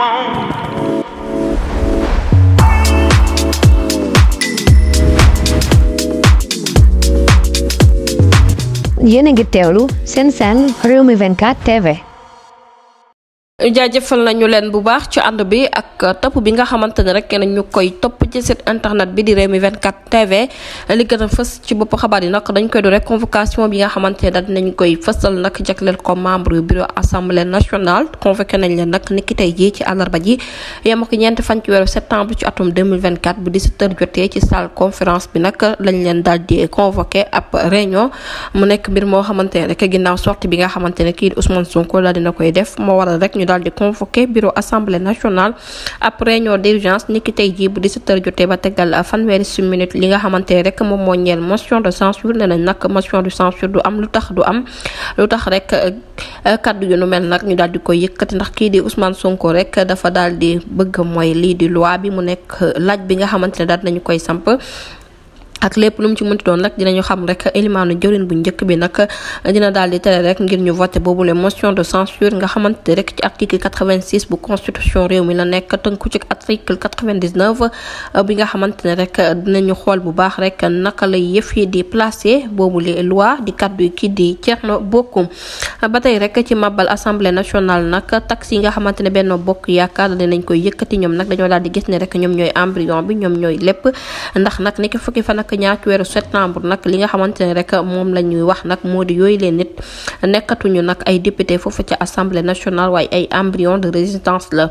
want. Jene sen sen, Rumi Venkat TV. jaajëfal nañu leen bu baax ci ànd bi ak topp bi nga xamante ne rek nañu koy topp ci site internet bi di Rewmi 24 TV li gën a fës ci bopp xabaar yi nag dañ koy do rek convocation bi nga xamante ne daal dinañ koy fësal nag jagleel ko membre yu bureau assemblée nationale convoqué nañ leen nag niki tey jii ci àllarba ji yem ak ñeenti fan ci weeru septembre ci atum 2024 bu 17h jotee ci salle conférence bi nag lañ leen daal di convoqué ab réunion mu nekk mbir moo xamante ne rek ginnaaw sortie bi nga xamante ne kii Ousmane Sonko daal dina koy def moo waral rek ñu de convoquer convoqué bureau assemblée nationale après réunion d'urgence niki tey bu 17h joté ba minutes li nga motion de censure de censure du am lutax du am lutax rek euh, kaddu yu nu mel nak ñu koy yëkkati ndax ki di Ousmane Sonko rek dafa bëgg loi bi mu euh, laaj bi nga ak lépp lu mu ci mënti doon rek dinañu xam rek élimaanu jëwrin bu njëkk bi nag dina daal di tere rek ngir ñu voté boobu le motion de censure nga xamante rek ci article euh, bi nga xamante ne rek dinañu xool bu baax rek naka la yëf yi di placé boobu le loi di kaddu kii di Thierno Bocoum ba tey rek ci mabal assemblée nationale nag taxe yi nga xamante ne benn Bokk Yaakaar dinañ koy yëkkati ñoom nag dañoo daal di gis ni rek ñoom ñooy embryon bi ñoom ñooy lépp ndax nag nekk fukki fan fekk ñaar ci weeru septembre nag li nga xamante ne rek moom la ñuy wax nag moo di yooyu leen nit nekkatuñu nag ay député foofu ci assemblée nationale waaye ay embryon de résistance la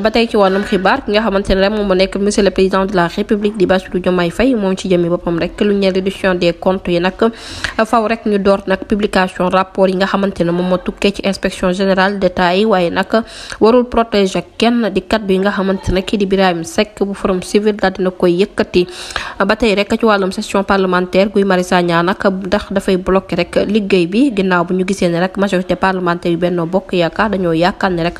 ba tey ci wàllum xibaar ki nga xamante ne rek moom moo nekk monsieur le président de la république di Bassirou Diomaye Faye moom ci jëmee boppam rek lu ñeel réduction des comptes yi nag faw rek ñu door nag publication rapport yi nga xamante ne moom moo tukkee ci inspection générale d'État yi waaye nag warul protéger kenn di kat bi nga xamante ne kii di Birahim Seck bu Forum Civil daal dina koy yëkkati ba tey rek ci wàllum session parlementaire Guy Marius Sagna nag ndax dafay bloqué rek liggéey bi ginnaaw bu ñu gisee ne rek majorité parlementaire yu Benno Bokk Yaakaar dañoo yaakaar ne rek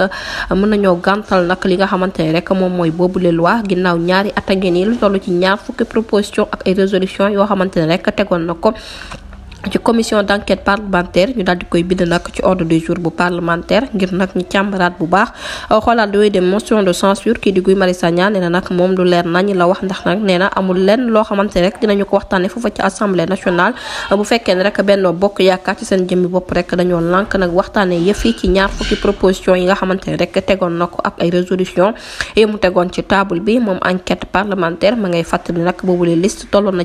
mën nañoo gàntal nag li nga xamante ne rek moom mooy boobule loi ginnaaw ñaari at a ngi nii lu toll ci ñaar fukki proposition ak ay résolution yoo xamante ne rek tegoon na ko ci commission d' enquête parlementaire ñu daal di koy bind nag ci ordre du jour bu parlementaire ngir nag ñu càmbaraat bu baax xoolaat yooyu dem motion de censure kii di Guy Marius Sagna nee na nag moom lu leer nañ la wax ndax nag amul lenn loo xamante rek dinañu ko waxtaane foofa ci assemblée nationale bu fekkee ne rek Benno Bokk Yaakaar ci seen jëmmi bopp rek dañoo lànk nag waxtaane yëf ci ñaar fukki proposition yi nga xamante rek tegoon bi moom enquête parlementaire ma ngay fàttali nag boobule liste tolloon na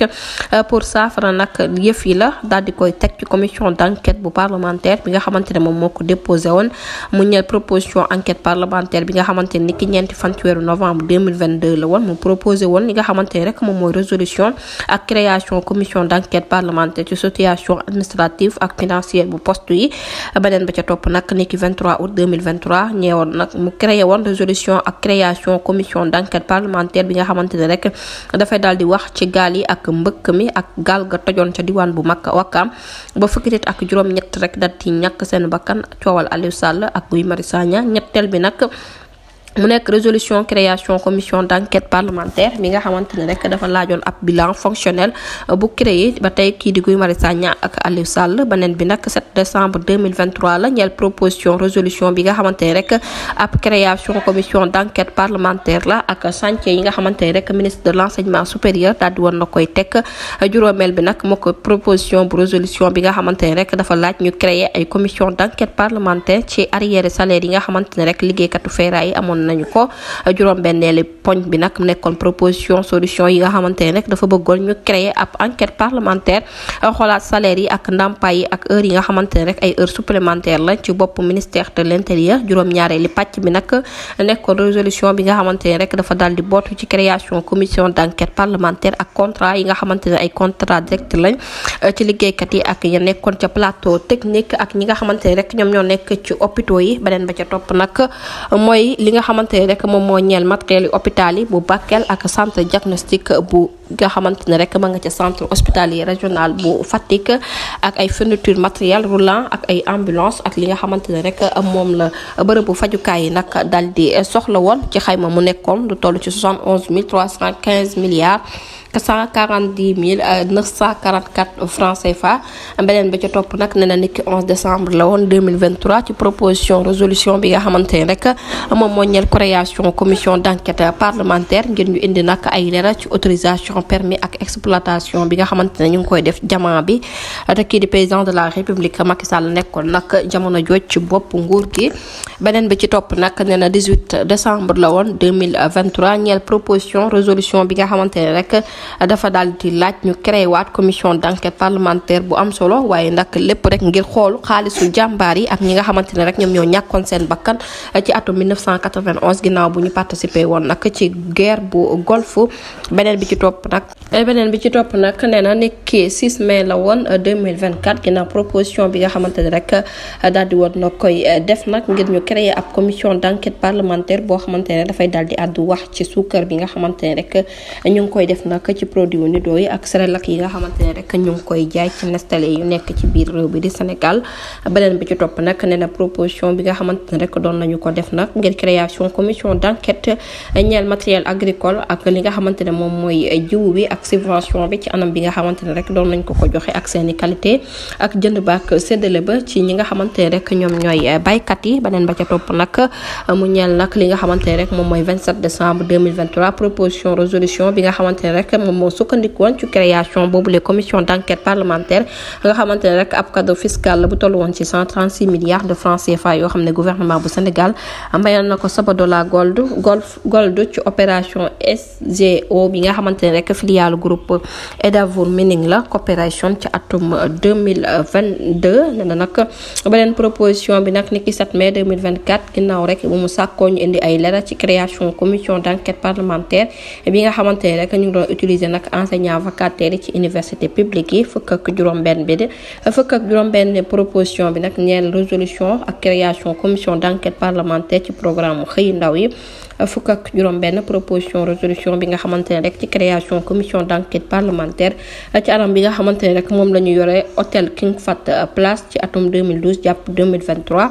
yoo pour saafara nak yëf yi la dal di koy tek ci commission d'enquête parlementaire bi nga xamantene mom moko déposer won déposé mu ñeel proposition enquête parlementaire bi nga xamantene ni ki fan ci wéru novembre 2022 la won mu proposer won li nga xamantene rek mom moy résolution ak création commission d'enquête parlementaire ci situation administrative ak financière bu poste yi beneen ba ca top nak ni ki 23 août 2023 ñeewoon nak mu créer won résolution ak création commission d'enquête parlementaire bi nga xamantene ne rek dafay daal di wax ci gal yi ak mbëkk mi ak gaal ga tojoon ca diwaan bu mag wakkaam ba fukki nit ak juróom-ñett rek dal ci ñàkk seen bakkan coowal Aliou Sall ak Guy Marius ñetteel bi nag mu nekk résolution création commission d' enquête parlementaire mi nga xamante ne rek dafa laajoon ab bilan fonctionnel euh, bu créé ba kii di Guy Marius Sagna ak Aliou Sall beneen bi nag 7 décembre 2023 la ñeel proposition résolution bi nga xamante ne rek ab création d' enquête parlementaire la ak chantier yi nga xamante ne rek ministre de l' enseignement supérieur daal na koy teg juróomeel bi nag moo ko proposition bi nga xamante ne rek dafa laaj ñu créer ay commission d' enquête parlementaire ci arriéré salaire yi nga xamante ne rek liggéeykatu feeraay amoon amoon nañu ko juróom-benneeli poñ bi nag nekkoon proposition solution yi nga xamante ne rek dafa bëggoon ñu créer ab enquête parlementaire xoolaat salaire yi ak ndàmpaay yi ak heure yi nga xamante ne rek ay heure supplémentaire la ci bopp ministère de l'intérieur juróom-ñaareeli pàcc bi nag nekkoon résolution bi nga xamante ne rek dafa daal di bootu ci création commission d'enquête parlementaire ak contrat yi nga xamante ne ay contrat direct lañ euh, ci liggéeykat yi ak ya nekkoon ca plateau technique ak ñi nga xamante ne rek ñoom ñoo nekk ci hôpitaux yi beneen ba ca topp nag mooy li nga xamante ne rek moom moo ñeel matériel yu hôpital yi bu Bakel ak centre diagnostic bu nga xamante ne rek ma nga ca centre yi régional bu Fatick ak ay fourniture matériel roulant ak ay ambulance ak li nga xamante ne rek moom la bërëbu fajukaay yi nag daal di soxla woon ci xayma mu nekkoon lu toll ci 71 315 milliards. 440 944 euh, francs CFA beneen ba ci top nak nee na niki 11 décembre la woon 2023 ci proposition résolution bi nga xamante rek mom mo ñël création commission d'enquête parlementaire ngir ñu indi nak ay lera ci autorisation permis ak exploitation bi nga xamante ñu ngi koy def jamono bi te di président de la république Macky Sall nekkon nak jamono jooj ci bop nguur gi benen ba ci top nak nee 18 décembre la woon 2023 ñël proposition résolution bi nga xamante rek dafa daal di laaj ñu créé waat commission d' enquête parlementaire bu am solo waaye nag lépp rek ngir xool xaalisu jàmbaar yi ak ñi nga xamante ne rek ñoom ñoo ñàkkoon seen bakkan ci atum 1991 ginnaaw bu ñu participé woon nag ci guerre bu golfe beneen bi ci topp nag. beneen bi ci topp nag nee na nekk 6 mai la woon 2024 ginnaaw proposition bi nga xamante ne rek daal di woon na koy def nag ngir ñu créé ab commission d' enquête parlementaire boo xamante ne dafay daal di àddu wax ci suukar bi nga xamante ne rek ñu ngi koy def nag. nekk ci produit nido yi ak ak li nga xamante ne moom mooy jiw bi ak subvention bi ci anam bi nga xamante ne rek doon nañ ñoom ñooy baykat yi beneen ba ca topp nag mu ñeel nag li nga xamante rek moom mooy proposition résolution bi nga xamante rek moom moo sukkandiku woon ci création boobu commission d' parlementaire nga xamante ne ab cadeau fiscal la bu toll woon ci 136 milliards de francs CFA yoo xam ne gouvernement bu Sénégal mayoon na ko Sabodala Gold Gold ci opération SGO bi nga xamante ne rek filiale groupe Edavour Mining la coopération ci atum 2022 nee na proposition bi nag ni ki mai 2024 ginnaaw bu mu sàkkoo indi ay leeral ci création commission d' autorisé nag enseignant vacataires ci université publique fuk que ak juroom ben bi de ak juroom ben proposition bi nak ñeel résolution ak création commission d'enquête parlementaire ci programme xey ndaw yi fuk ak juroom ben proposition résolution bi nga xamantene rek ci création commission d'enquête parlementaire ci anam bi nga xamantene rek mom lañu ñu hôtel King fat Place ci atum 2012 japp 2023.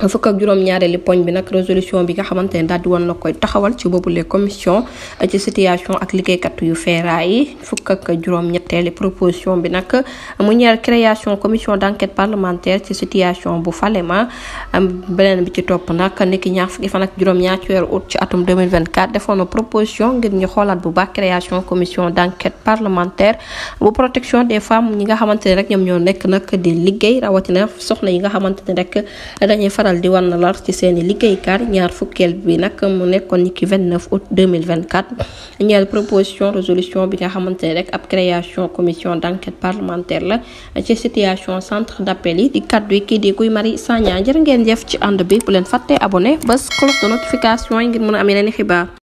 fukk ak juróom-ñaareeli poñ bi nag résolution bi nga xamante ne daal di woon na koy taxawal ci boobule commission ci situation ak liggéeykat yu feeraay yi fukk ak juróom-ñetteeli proposition bi nag mu ñeel création commission d' enquête parlementaire ci situation bu Falema beneen bi ci topp nag nekk ñaar fukki fan ak juróom-ñaar ci weeru août ci atum 2024 defoon na proposition ngir ñu xoolaat bu baax création commission d' enquête parlementaire bu protection des femmes ñi nga xamante ne rek ñoom ñoo nekk nag di liggéey rawatina soxna yi nga xamante faral di wan lor ci seen i liggéeykat ñaar fukkeel bi nag mu nekkoon ki 29 août proposition résolution bi nga xamante ne ab création commission d' parlementaire la ci situation centre d' yi di kaddu yi kii di Guy Marius Sagna jërë ngeen jëf ci ànd bi bu leen fàttee abonné bés cloche de notification yi ngir mën a am yeneen xibaar